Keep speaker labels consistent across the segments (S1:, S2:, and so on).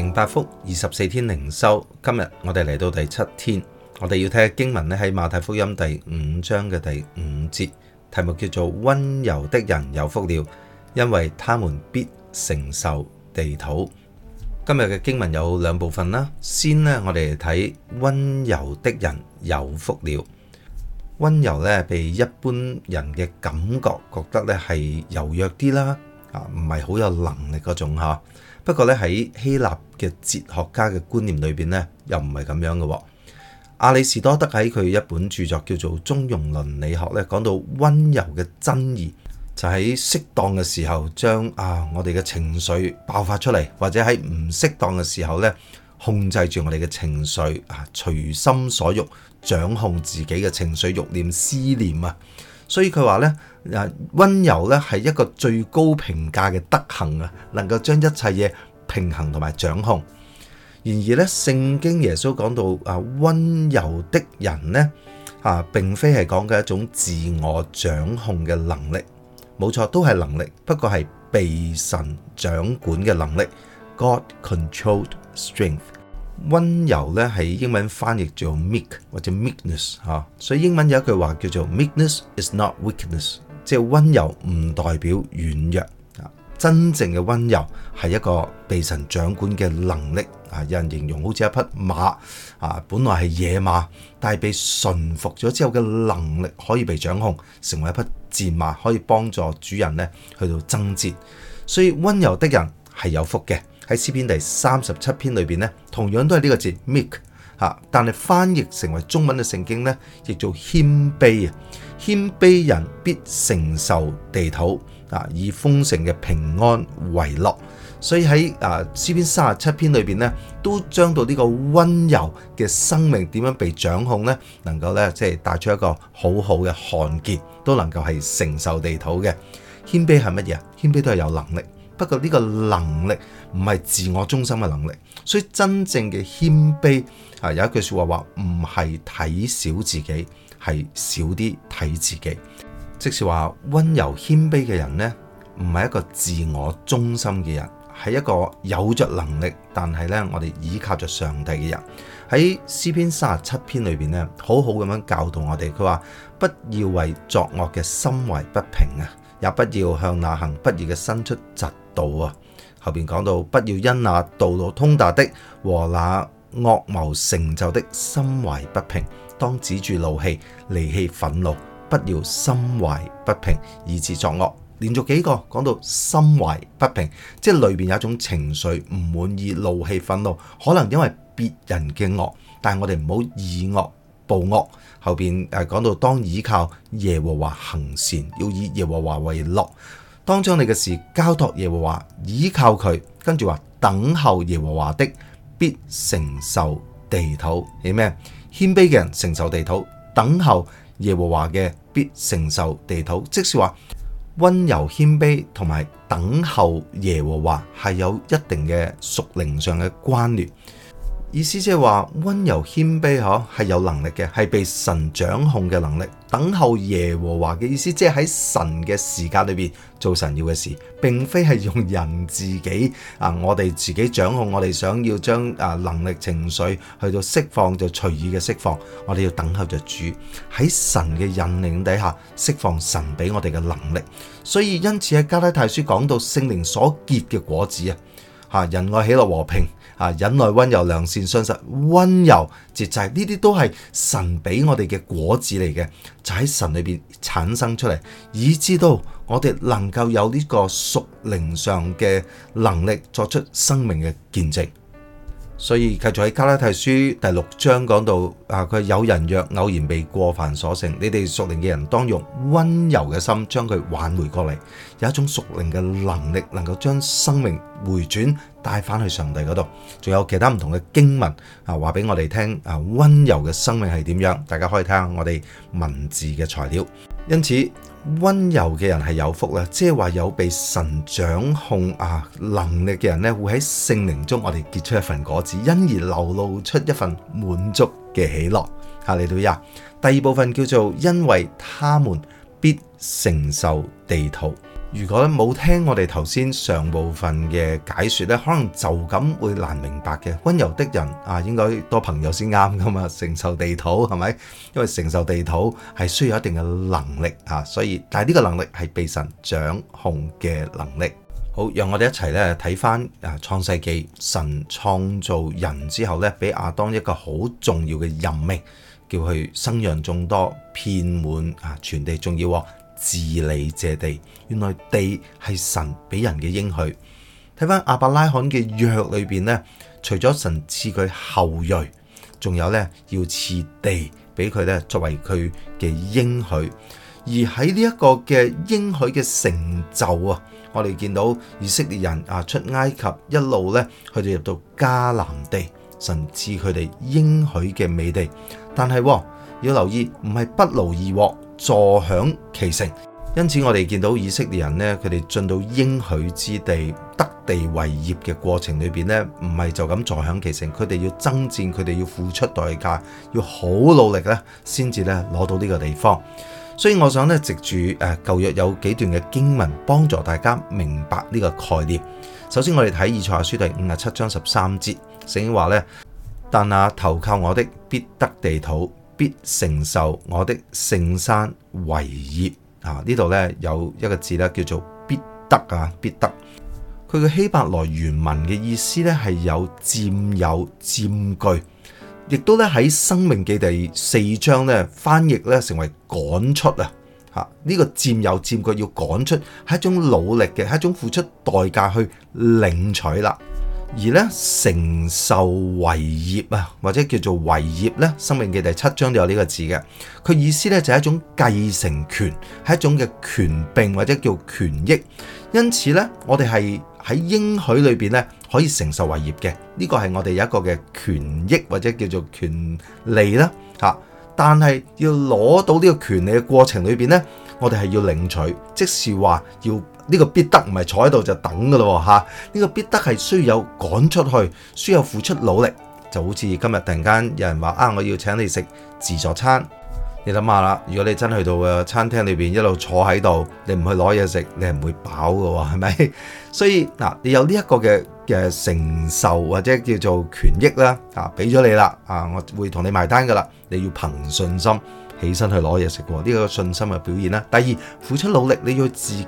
S1: 承八福二十四天靈修，今日我哋嚟到第七天，我哋要睇下經文呢，喺馬太福音第五章嘅第五節，題目叫做溫柔的人有福了，因為他們必承受地土。今日嘅經文有兩部分啦，先呢我哋睇溫柔的人有福了，溫柔呢，被一般人嘅感覺覺得呢係柔弱啲啦，啊唔係好有能力嗰種吓。不過咧，喺希臘嘅哲學家嘅觀念裏邊呢，又唔係咁樣嘅。亞里士多德喺佢一本著作叫做《中庸倫理學》咧，講到溫柔嘅爭議，就喺、是、適當嘅時候將啊我哋嘅情緒爆發出嚟，或者喺唔適當嘅時候呢，控制住我哋嘅情緒啊，隨心所欲掌控自己嘅情緒慾念思念啊。所以佢話咧，誒温柔咧係一個最高評價嘅德行啊，能夠將一切嘢平衡同埋掌控。然而咧，聖經耶穌講到啊，温柔的人咧啊並非係講嘅一種自我掌控嘅能力，冇錯，都係能力，不過係被神掌管嘅能力，God controlled strength。温柔，咧係英文翻譯做 meek 或者 meekness 吓，所以英文有一句話叫做 meekness is not weakness，即係温柔唔代表軟弱啊。真正嘅温柔係一個被神掌管嘅能力啊。有人形容好似一匹馬啊，本來係野馬，但係被馴服咗之後嘅能力可以被掌控，成為一匹戰馬，可以幫助主人咧去到增節。所以温柔的人係有福嘅。喺詩篇第三十七篇裏邊咧，同樣都係呢個字 meek 吓，但係翻譯成為中文嘅聖經咧，亦做謙卑啊。謙卑人必承受地土啊，以豐盛嘅平安為樂。所以喺啊詩篇三十七篇裏邊咧，都將到呢個温柔嘅生命點樣被掌控咧，能夠咧即係帶出一個好好嘅寒結，都能夠係承受地土嘅謙卑係乜嘢啊？謙卑都係有能力。不過呢個能力唔係自我中心嘅能力，所以真正嘅謙卑啊，有一句説話話唔係睇小自己，係少啲睇自己。即是話温柔謙卑嘅人呢，唔係一個自我中心嘅人，係一個有着能力，但係呢，我哋依靠着上帝嘅人。喺詩篇三十七篇裏邊呢，好好咁樣教導我哋，佢話不要為作惡嘅心懷不平啊！也不要向那行不義嘅生出嫉妒啊！後邊講到不要因那道路通達的和那惡謀成就的，心懷不平，當止住怒氣，離棄、憤怒，不要心懷不平，以致作惡。連續幾個講到心懷不平，即係裏邊有一種情緒唔滿意、怒氣、憤怒，可能因為別人嘅惡，但係我哋唔好以惡。報惡，後邊誒，講到，當依靠耶和華行善，要以耶和華為樂，當將你嘅事交託耶和華，依靠佢，跟住話等候耶和華的必承受地土係咩？謙卑嘅人承受地土，等候耶和華嘅必承受地土，即是話溫柔謙卑同埋等候耶和華係有一定嘅屬靈上嘅關聯。意思即係話溫柔謙卑嗬係有能力嘅，係被神掌控嘅能力。等候耶和華嘅意思，即係喺神嘅時間裏邊做神要嘅事，並非係用人自己啊，我哋自己掌控我哋想要將啊能力情緒去到釋放就隨意嘅釋放。我哋要等候就主喺神嘅引領底下釋放神俾我哋嘅能力。所以因此喺加拉太書講到聖靈所結嘅果子啊，吓仁愛喜樂和平。啊！忍耐、溫柔、良善、信實、溫柔節制，呢啲都係神俾我哋嘅果子嚟嘅，就喺神裏面產生出嚟，以致到我哋能夠有呢個屬靈上嘅能力，作出生命嘅見證。所以繼續喺加拉太書第六章講到，啊，佢有人若偶然被過犯所勝，你哋屬靈嘅人當用溫柔嘅心將佢挽回過嚟。有一種屬靈嘅能力，能夠將生命回轉帶翻去上帝嗰度。仲有其他唔同嘅經文啊，話俾我哋聽啊，溫柔嘅生命係點樣？大家可以睇下我哋文字嘅材料。因此。溫柔嘅人係有福啦，即係話有被神掌控啊，能力嘅人咧，會喺聖靈中我哋結出一份果子，因而流露出一份滿足嘅喜樂。嚇，嚟到第二部分叫做因為他們必承受地土。如果咧冇聽我哋頭先上部分嘅解說呢，可能就咁會難明白嘅。溫柔的人啊，應該多朋友先啱噶嘛。承受地土係咪？因為承受地土係需要一定嘅能力啊，所以但係呢個能力係被神掌控嘅能力。好，讓我哋一齊呢睇翻啊創世紀，神創造人之後呢，俾亞當一個好重要嘅任命，叫佢生養眾多，遍滿啊全地，重要。治理這地，原來地係神俾人嘅應許。睇翻亞伯拉罕嘅約裏邊呢，除咗神賜佢後裔，仲有呢要賜地俾佢咧，作為佢嘅應許。而喺呢一個嘅應許嘅成就啊，我哋見到以色列人啊出埃及一路呢，佢哋入到迦南地，神賜佢哋應許嘅美地。但係要留意，唔係不勞而獲。坐享其成，因此我哋見到以色列人呢，佢哋進到應許之地得地為業嘅過程裏邊呢，唔係就咁坐享其成，佢哋要爭戰，佢哋要付出代價，要好努力咧，先至咧攞到呢個地方。所以我想咧，藉住誒舊約有幾段嘅經文幫助大家明白呢個概念。首先我哋睇以賽亞書第五十七章十三節，聖經話呢：「但那、啊、投靠我的必得地土。必承受我的聖山為業啊！呢度咧有一個字咧叫做必得啊！必得，佢嘅希伯來原文嘅意思咧係有占有、占據，亦都咧喺生命記第四章咧翻譯咧成為趕出啊！吓、這、呢個占有占據要趕出係一種努力嘅，係一種付出代價去領取啦。而咧承受遺業啊，或者叫做遺業咧，生命記第七章有呢個字嘅。佢意思咧就係一種繼承權，係一種嘅權柄或者叫權益。因此咧，我哋係喺應許裏邊咧可以承受遺業嘅，呢個係我哋有一個嘅權益或者叫做權利啦吓。但係要攞到呢個權利嘅過程裏邊咧。我哋係要領取，即是話要呢個必得唔係坐喺度就等嘅咯嚇，呢個必得係需要有趕出去，需要付出努力，就好似今日突然間有人話啊，我要請你食自助餐，你諗下啦，如果你真去到嘅餐廳裏邊一路坐喺度，你唔去攞嘢食，你係唔會飽嘅喎，係咪？所以嗱，你有呢一個嘅。嘅承受或者叫做權益啦，啊，俾咗你啦，啊，我會同你埋單噶啦，你要憑信心起身去攞嘢食喎，呢個信心嘅表現啦。第二，付出努力你要自己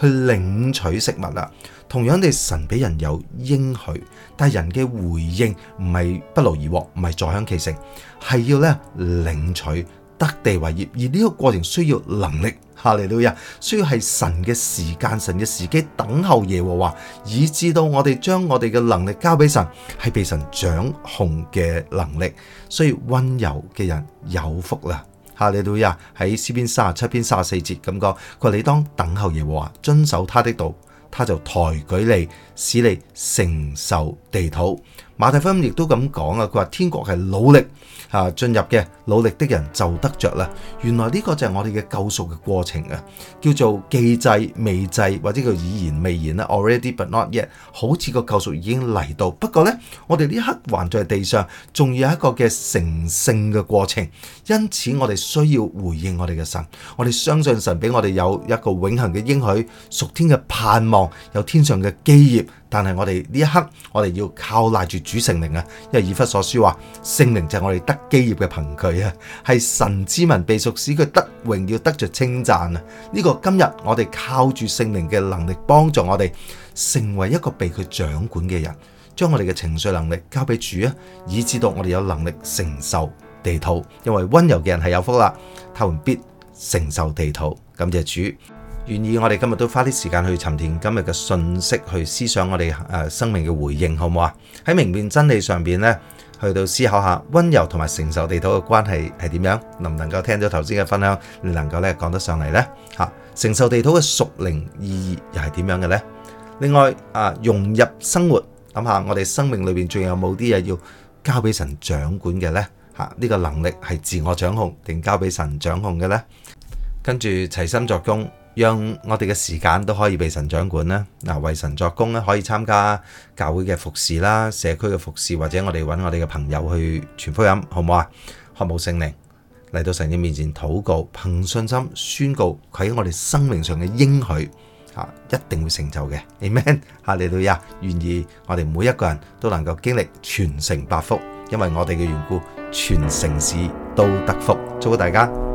S1: 去領取食物啦。同樣地，你神俾人有應許，但係人嘅回應唔係不勞而獲，唔係坐享其成，係要咧領取。得地為業，而呢個過程需要能力，哈利路亞，需要係神嘅時間、神嘅時機，等候耶和華，以至到我哋將我哋嘅能力交俾神，係被神掌控嘅能力。所以溫柔嘅人有福啦，哈利路亞，喺詩篇三十七篇三十四節咁講，佢話你當等候耶和華，遵守他的道，他就抬舉你，使你承受地土。馬太福音亦都咁講啊，佢話天國係努力啊進入嘅，努力的人就得着啦。原來呢個就係我哋嘅救贖嘅過程啊，叫做既濟未濟或者叫已然未然啦，already but not yet。好似個救贖已經嚟到，不過呢，我哋呢刻還在地上，仲有一個嘅成聖嘅過程。因此我哋需要回應我哋嘅神，我哋相信神俾我哋有一個永恒嘅應許，屬天嘅盼望，有天上嘅基業。但係我哋呢一刻，我哋要靠賴住主聖靈啊，因為以弗所書話聖靈就係我哋得基業嘅憑據啊，係神之民被屬使佢得榮耀得着稱讚啊。呢個今日我哋靠住聖靈嘅能力幫助我哋成為一個被佢掌管嘅人，將我哋嘅情緒能力交俾主啊，以至到我哋有能力承受地土。因為溫柔嘅人係有福啦，他們必承受地土。感謝主。願意，我哋今日都花啲時間去沉澱今日嘅信息，去思想我哋誒生命嘅回應，好唔好啊？喺明辨真理上邊咧，去到思考下溫柔同埋承受地土嘅關係係點樣，能唔能夠聽到頭先嘅分享，你能夠咧講得上嚟咧？嚇，承受地土嘅屬靈意義又係點樣嘅咧？另外啊，融入生活，諗下我哋生命裏邊仲有冇啲嘢要交俾神掌管嘅咧？嚇，呢個能力係自我掌控定交俾神掌控嘅咧？跟住齊心作工。讓我哋嘅時間都可以被神掌管啦。嗱，為神作工咧，可以參加教會嘅服侍啦，社區嘅服侍，或者我哋揾我哋嘅朋友去傳福音，好唔好啊？渴慕聖靈，嚟到神嘅面前禱告，憑信心宣告佢喺我哋生命上嘅應許，吓一定會成就嘅，Amen！哈利路亞！願意我哋每一個人都能夠經歷全城百福，因為我哋嘅緣故，全城市都得福，祝福大家。